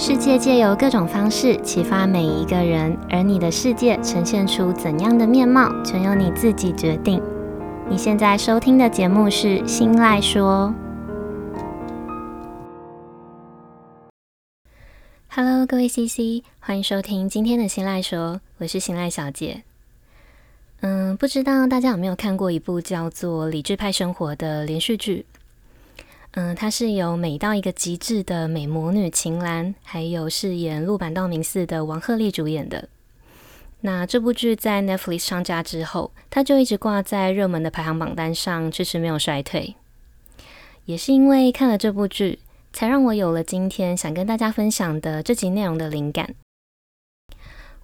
世界借由各種方式啟發每一個人，而你的世界呈現出怎樣的面貌，全由你自己決定。你現在收聽的節目是《心賴說》。Hello，各位 CC，歡迎收聽今天的《心賴說》，我是心賴小姐。嗯，不知道大家有沒有看過一部叫做《理智派生活》的連續劇？嗯，它是由美到一個極致的美魔女秦嵐，還有飾演陸版道明寺的王鶴棣主演的。那這部劇在 Netflix 上架之後，它就一直掛在熱門的排行榜單上，遲遲沒有衰退。也是因為看了這部劇，才讓我有了今天想跟大家分享的這集內容的靈感。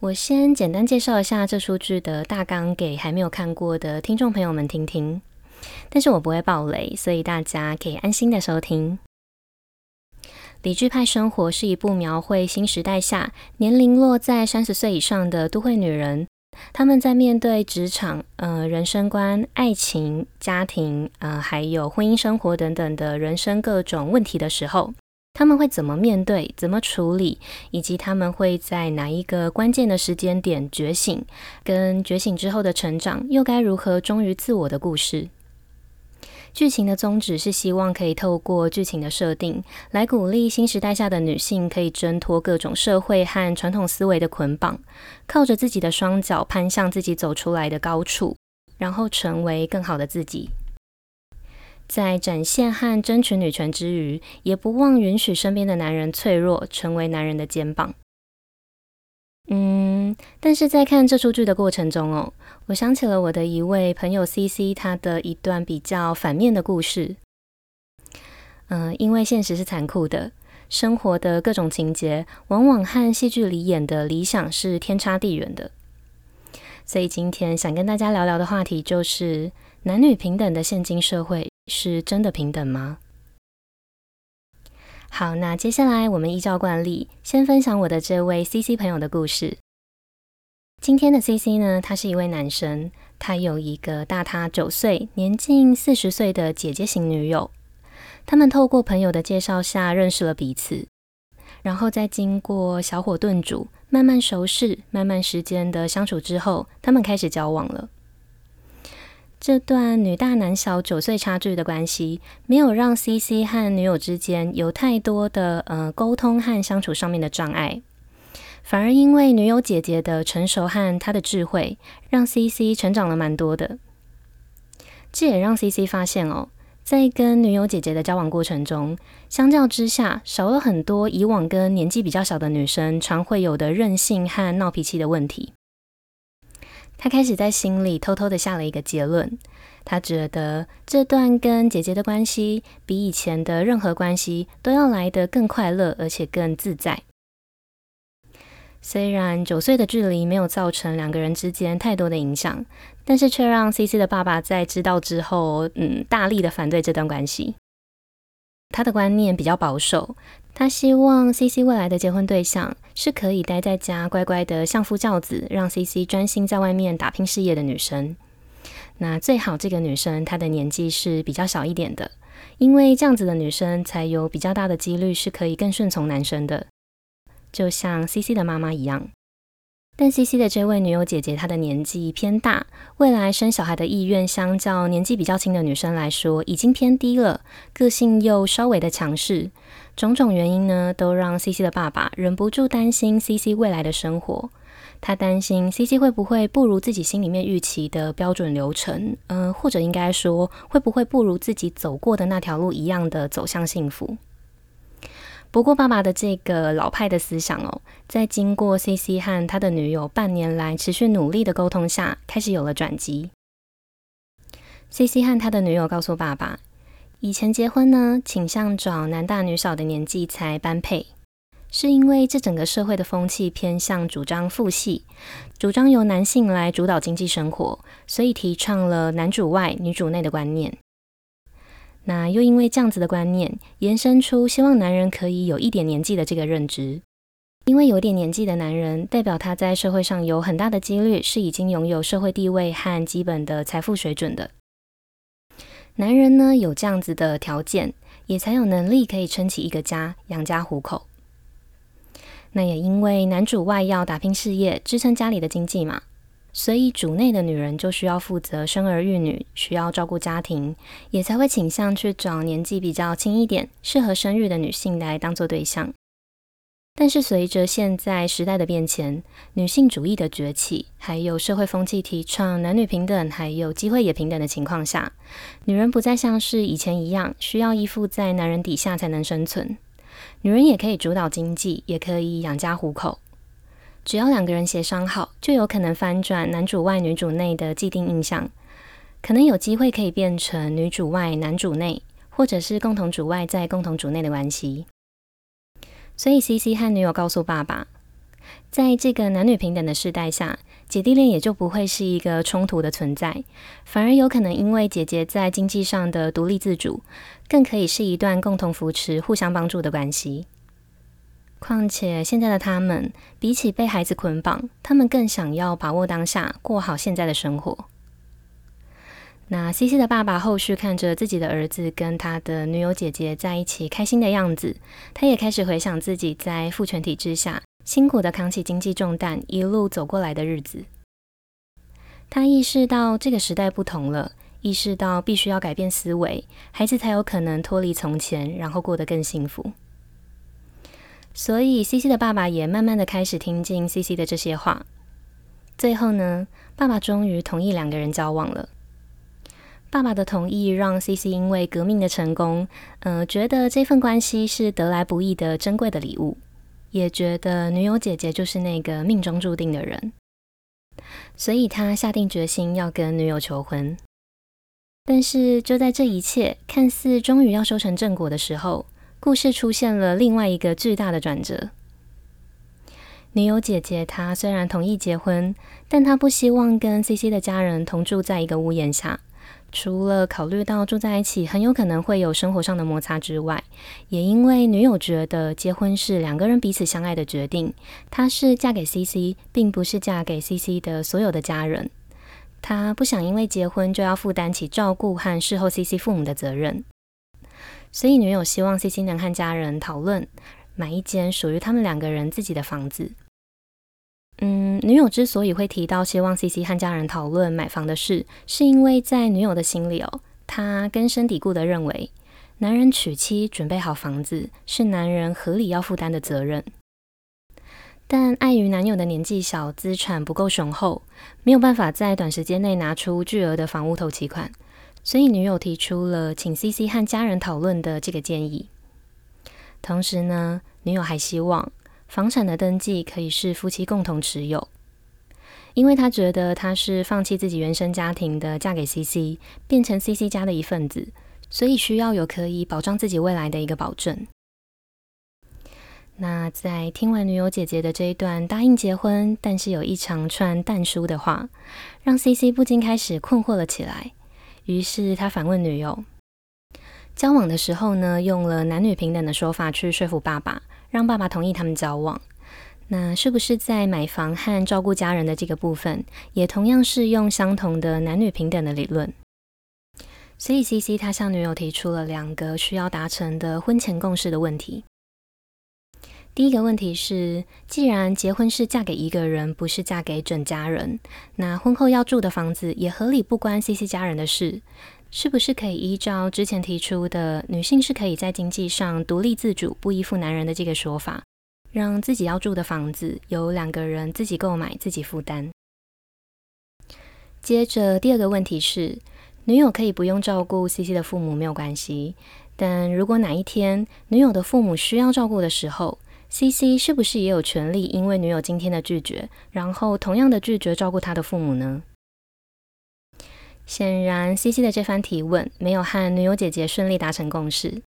我先簡單介紹一下這出劇的大綱，給還沒有看過的聽眾朋友們聽聽。但是我不會爆雷，所以大家可以安心的收聽。《理智派生活》是一部描繪新時代下年齡落在三十歲以上的都會女人，她們在面對職場、呃人生觀、愛情、家庭、呃還有婚姻生活等等的人生各種問題的時候，她們會怎麼面對、怎麼處理，以及她們會在哪一個關鍵的時間點覺醒，跟覺醒之後的成長又該如何忠於自我的故事。劇情的宗旨是希望可以透過劇情的設定，來鼓勵新時代下的女性可以掙脫各種社會和傳統思維的捆綁，靠着自己的雙腳攀向自己走出來的高處，然後成為更好的自己。在展現和爭取女權之餘，也不忘允許身邊的男人脆弱，成為男人的肩膀。嗯，但是在看這出劇的過程中哦，我想起了我的一位朋友 CC，他的一段比較反面的故事。嗯、呃，因為現實是殘酷的，生活的各種情節往往和戲劇裡演的理想是天差地遠的。所以今天想跟大家聊聊的話題就是，男女平等的現今社會是真的平等嗎？好，那接下來我們依照慣例，先分享我的這位 C C 朋友的故事。今天的 C C 呢，他是一位男生，他有一個大他九歲、年近四十歲的姐姐型女友。他們透過朋友的介紹下認識了彼此，然後在經過小火燉煮、慢慢熟識、慢慢時間的相處之後，他們開始交往了。這段女大男小九歲差距的關係，沒有讓 CC 和女友之間有太多的呃溝通和相處上面的障礙，反而因為女友姐姐的成熟和她的智慧，讓 CC 成長了蠻多的。這也讓 CC 發現哦，在跟女友姐姐的交往過程中，相較之下少了很多以往跟年紀比較小的女生常會有的任性和鬧脾氣的問題。他開始在心裡偷偷的下了一個結論，他覺得這段跟姐姐的關係比以前的任何關係都要來得更快樂，而且更自在。雖然九歲的距離沒有造成兩個人之間太多的影響，但是卻讓 CC 的爸爸在知道之後，嗯，大力的反對這段關係。他的觀念比較保守，他希望 CC 未來的結婚對象是可以待在家乖乖的相夫教子，讓 CC 專心在外面打拼事業的女生。那最好這個女生她的年紀是比較小一點的，因為這樣子的女生才有比較大的幾率是可以更順從男生的，就像 CC 的媽媽一樣。但 C C 的這位女友姐姐，她的年紀偏大，未來生小孩的意願相較年紀比較輕的女生來說，已經偏低了，個性又稍微的強勢，種種原因呢，都讓 C C 的爸爸忍不住擔心 C C 未來的生活。他擔心 C C 會不會不如自己心裡面預期的標準流程，嗯、呃，或者應該說，會不會不如自己走過的那條路一樣的走向幸福？不過，爸爸的這個老派的思想哦，在經過 CC 和他的女友半年來持續努力的溝通下，開始有了轉機。CC 和他的女友告訴爸爸，以前結婚呢，傾向找男大女小的年紀才般配，是因為這整個社會的風氣偏向主張父系，主張由男性來主導經濟生活，所以提倡了男主外女主內的觀念。那又因為這樣子的觀念，延伸出希望男人可以有一點年紀的這個認知，因為有點年紀的男人，代表他在社會上有很大的幾率是已經擁有社會地位和基本的財富水準的。男人呢，有這樣子的條件，也才有能力可以撐起一個家，養家糊口。那也因為男主外要打拼事業，支撐家裡的經濟嘛。所以，主內的女人就需要負責生兒育女，需要照顧家庭，也才會傾向去找年紀比較輕一點、適合生育的女性來當做對象。但是，隨着現在時代的變遷，女性主義的崛起，還有社會風氣提倡男女平等，還有機會也平等的情況下，女人不再像是以前一樣需要依附在男人底下才能生存，女人也可以主導經濟，也可以養家糊口。只要兩個人協商好，就有可能翻轉男主外女主內的既定印象，可能有機會可以變成女主外男主內，或者是共同主外在共同主內的關係。所以，CC 和女友告訴爸爸，在這個男女平等的時代下，姐弟戀也就不會是一個衝突的存在，反而有可能因為姐姐在經濟上的獨立自主，更可以是一段共同扶持、互相幫助的關係。況且，現在的他們比起被孩子捆綁，他們更想要把握當下，過好現在的生活。那西西的爸爸後續看着自己的兒子跟他的女友姐姐在一起開心的樣子，他也開始回想自己在父權體制下辛苦地扛起經濟重擔，一路走過來的日子。他意識到這個時代不同了，意識到必須要改變思維，孩子才有可能脫離從前，然後過得更幸福。所以，C C 的爸爸也慢慢的開始聽進 C C 的這些話，最後呢，爸爸終於同意兩個人交往了。爸爸的同意讓 C C 因為革命的成功，呃，覺得這份關係是得來不易的珍貴的禮物，也覺得女友姐姐就是那個命中注定的人，所以他下定決心要跟女友求婚。但是就在這一切看似終於要修成正果的時候，故事出現了另外一個巨大的轉折。女友姐姐她雖然同意結婚，但她不希望跟 CC 的家人同住在一個屋檐下。除了考慮到住在一起很有可能會有生活上的摩擦之外，也因為女友覺得結婚是兩個人彼此相愛的決定，她是嫁給 CC，並不是嫁給 CC 的所有的家人。她不想因為結婚就要負擔起照顧和侍奉 CC 父母的責任。所以女友希望 C C 能和家人討論買一間屬於他們兩個人自己的房子。嗯，女友之所以會提到希望 C C 和家人討論買房的事，是因為在女友的心裡哦，她根深蒂固的認為，男人娶妻準備好房子是男人合理要負擔的責任。但礙於男友的年紀小，資產不夠雄厚，沒有辦法在短時間內拿出巨額的房屋頭期款。所以女友提出了請 C C 和家人討論的這個建議。同時呢，女友還希望房產的登記可以是夫妻共同持有，因為她覺得她是放棄自己原生家庭的，嫁給 C C，變成 C C 家的一份子，所以需要有可以保障自己未來的一個保證。那在聽完女友姐姐的這一段答應結婚，但是有一長串但書的話，讓 C C 不禁開始困惑了起來。於是他反問女友：“交往的時候呢，用了男女平等的說法去說服爸爸，讓爸爸同意他們交往。那是不是在買房和照顧家人的這個部分，也同樣是用相同的男女平等的理論？”所以 CC 他向女友提出了兩個需要達成的婚前共識的問題。第一個問題是，既然結婚是嫁給一個人，不是嫁給整家人，那婚後要住的房子也合理不關 C C 家人的事，是不是可以依照之前提出的女性是可以在經濟上獨立自主、不依附男人的這個說法，讓自己要住的房子由兩個人自己購買、自己負擔？接着第二個問題是，女友可以不用照顧 C C 的父母沒有關係，但如果哪一天女友的父母需要照顧的時候，C C 是不是也有權利，因為女友今天的拒絕，然後同樣的拒絕照顧她的父母呢？顯然，C C 的這番提問沒有和女友姐姐順利達成共識。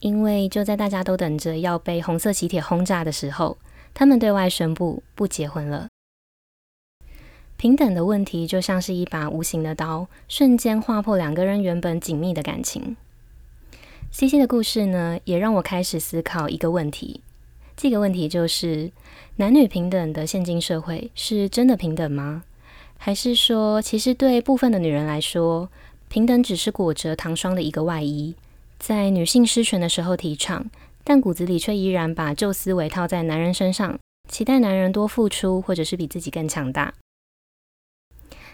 因為就在大家都等着要被紅色喜帖轟炸的時候，他們對外宣布不結婚了。平等的問題就像是一把無形的刀，瞬間劃破兩個人原本緊密的感情。C C 的故事呢，也讓我開始思考一個問題。這個問題就是，男女平等的現今社會是真的平等嗎？還是說，其實對部分的女人來說，平等只是裹着糖霜的一個外衣，在女性失權的時候提倡，但骨子裡卻依然把舊思維套在男人身上，期待男人多付出，或者是比自己更強大。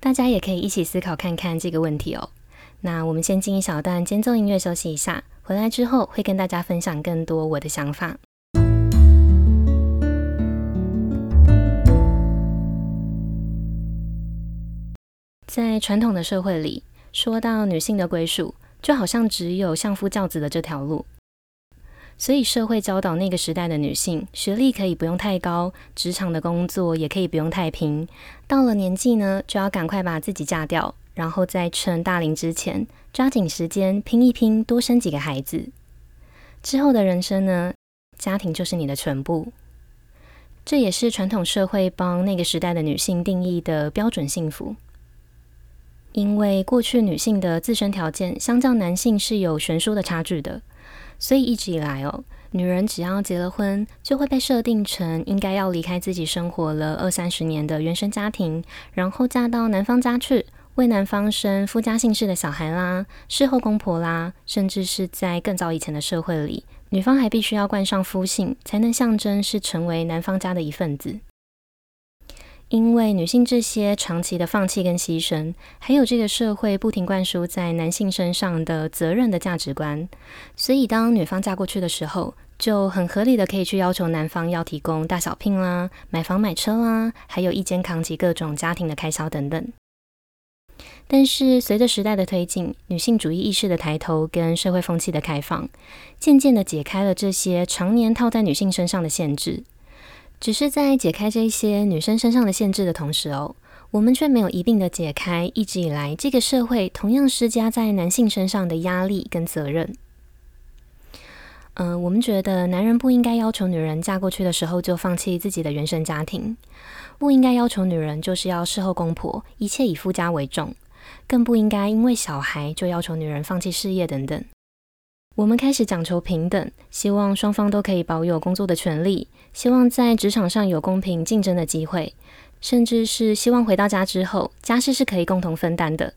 大家也可以一起思考看看這個問題哦。那我們先進一小段間奏音樂，休息一下。回來之後會跟大家分享更多我的想法。在傳統的社會裡，說到女性的歸屬，就好像只有相夫教子的這條路。所以社會教導那個時代的女性，學歷可以不用太高，職場的工作也可以不用太拼。到了年紀呢，就要趕快把自己嫁掉。然後在趁大齡之前，抓緊時間拼一拼，多生幾個孩子。之後的人生呢，家庭就是你的全部。這也是傳統社會幫那個時代的女性定義的標準幸福。因為過去女性的自身條件相較男性是有懸殊的差距的，所以一直以來哦，女人只要結了婚，就會被設定成應該要離開自己生活了二三十年的原生家庭，然後嫁到男方家去。為男方生夫家姓氏的小孩啦，伺候公婆啦，甚至是在更早以前的社會裡，女方還必須要冠上夫姓，才能象徵是成為男方家的一份子。因為女性這些長期的放棄跟犧牲，還有這個社會不停灌輸在男性身上的責任的價值觀，所以當女方嫁過去的時候，就很合理的可以去要求男方要提供大小聘啦、買房買車啦，還有一肩扛起各種家庭的開銷等等。但是隨着時代的推進，女性主義意識的抬頭跟社會風氣的開放，漸漸的解開了這些常年套在女性身上的限制。只是在解開這些女生身上的限制的同時哦，我們卻沒有一併的解開一直以來這個社會同樣施加在男性身上的壓力跟責任。嗯、呃，我們覺得男人不應該要求女人嫁過去的時候就放棄自己的原生家庭，不應該要求女人就是要侍候公婆，一切以夫家為重。更不應該因為小孩就要求女人放棄事業等等。我們開始講求平等，希望雙方都可以保有工作的權利，希望在職場上有公平競爭的機會，甚至是希望回到家之後，家事是可以共同分擔的。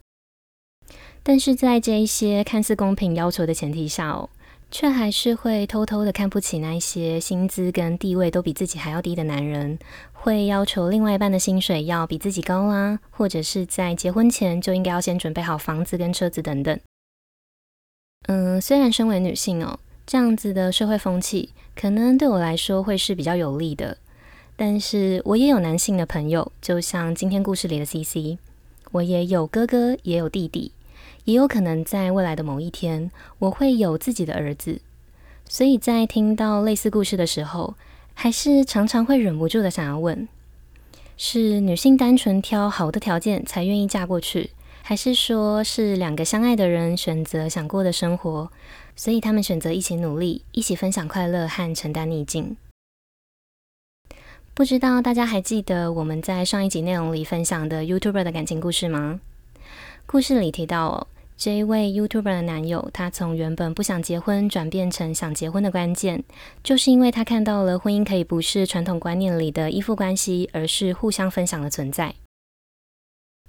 但是在這一些看似公平要求的前提下哦，卻還是會偷偷的看不起那些薪資跟地位都比自己還要低的男人，會要求另外一半的薪水要比自己高啦、啊，或者是在結婚前就應該要先準備好房子跟車子等等。嗯、呃，雖然身為女性哦，這樣子的社會風氣可能對我來說會是比較有利的，但是我也有男性的朋友，就像今天故事裡的 CC，我也有哥哥，也有弟弟。也有可能在未來的某一天，我會有自己的兒子。所以，在聽到類似故事的時候，還是常常會忍不住的想要問：是女性單純挑好的條件才願意嫁過去，還是說是兩個相愛的人選擇想過的生活，所以他們選擇一起努力，一起分享快樂和承擔逆境？不知道大家還記得我們在上一集內容裡分享的 YouTuber 的感情故事嗎？故事裡提到，哦，這一位 YouTuber 的男友，他從原本不想結婚轉變成想結婚的關鍵，就是因為他看到了婚姻可以不是傳統觀念裡的依附關係，而是互相分享的存在。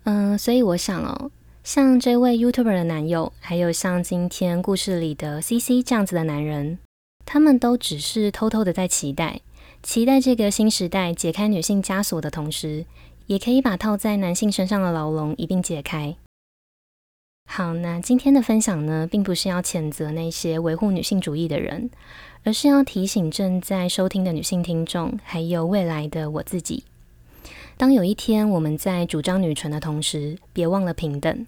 嗯、呃，所以我想哦，像這一位 YouTuber 的男友，還有像今天故事裡的 CC 這樣子的男人，他們都只是偷偷的在期待，期待這個新時代解開女性枷鎖的同時，也可以把套在男性身上的牢籠一併解開。好，那今天的分享呢，並不是要譴責那些維護女性主義的人，而是要提醒正在收聽的女性聽眾，還有未來的我自己。當有一天我們在主張女權的同時，別忘了平等。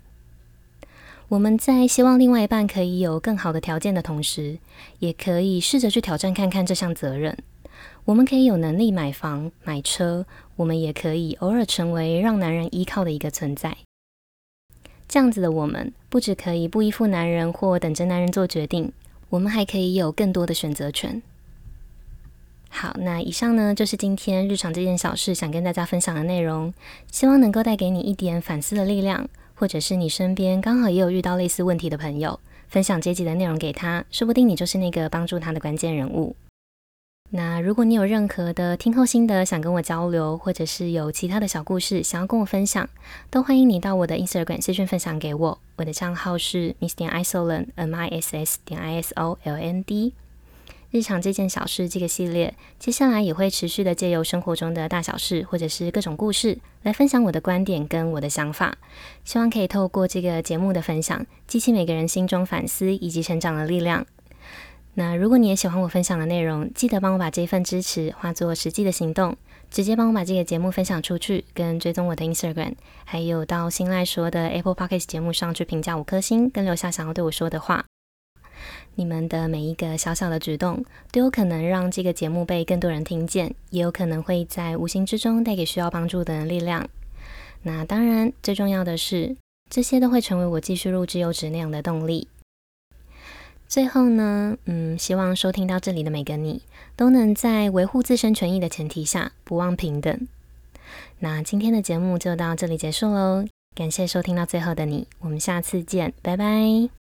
我們在希望另外一半可以有更好的條件的同時，也可以試着去挑戰看看這項責任。我們可以有能力買房買車，我們也可以偶爾成為讓男人依靠的一個存在。這樣子的我們，不只可以不依附男人或等着男人做決定，我們還可以有更多的選擇權。好，那以上呢，就是今天日常這件小事想跟大家分享的內容，希望能夠帶給你一點反思的力量，或者是你身邊剛好也有遇到類似問題的朋友，分享這集的內容給他，說不定你就是那個幫助他的關鍵人物。那如果你有任何的聽後心得想跟我交流，或者是有其他的小故事想要跟我分享，都歡迎你到我的 Instagram 私訊分享給我。我的賬號是 Miss Isoland M I S S 點 I S O L A N D。日常這件小事這個系列，接下來也會持續的借由生活中的大小事，或者是各種故事，來分享我的觀點跟我的想法。希望可以透過這個節目的分享，激起每個人心中反思以及成長的力量。那如果你也喜歡我分享的內容，記得幫我把這份支持化作實際的行動，直接幫我把這個節目分享出去，跟追蹤我的 Instagram，還有到心賴說的 Apple Podcasts 節目上去評價五顆星，跟留下想要對我說的話。你們的每一個小小的舉動，都有可能讓這個節目被更多人聽見，也有可能會在無形之中帶給需要幫助的力量。那當然，最重要的是，這些都會成為我繼續錄製優質內容的動力。最後呢，嗯，希望收聽到這裡的每個你，都能在維護自身權益的前提下，不忘平等。那今天的節目就到這裡結束嘍，感謝收聽到最後的你，我們下次見，拜拜。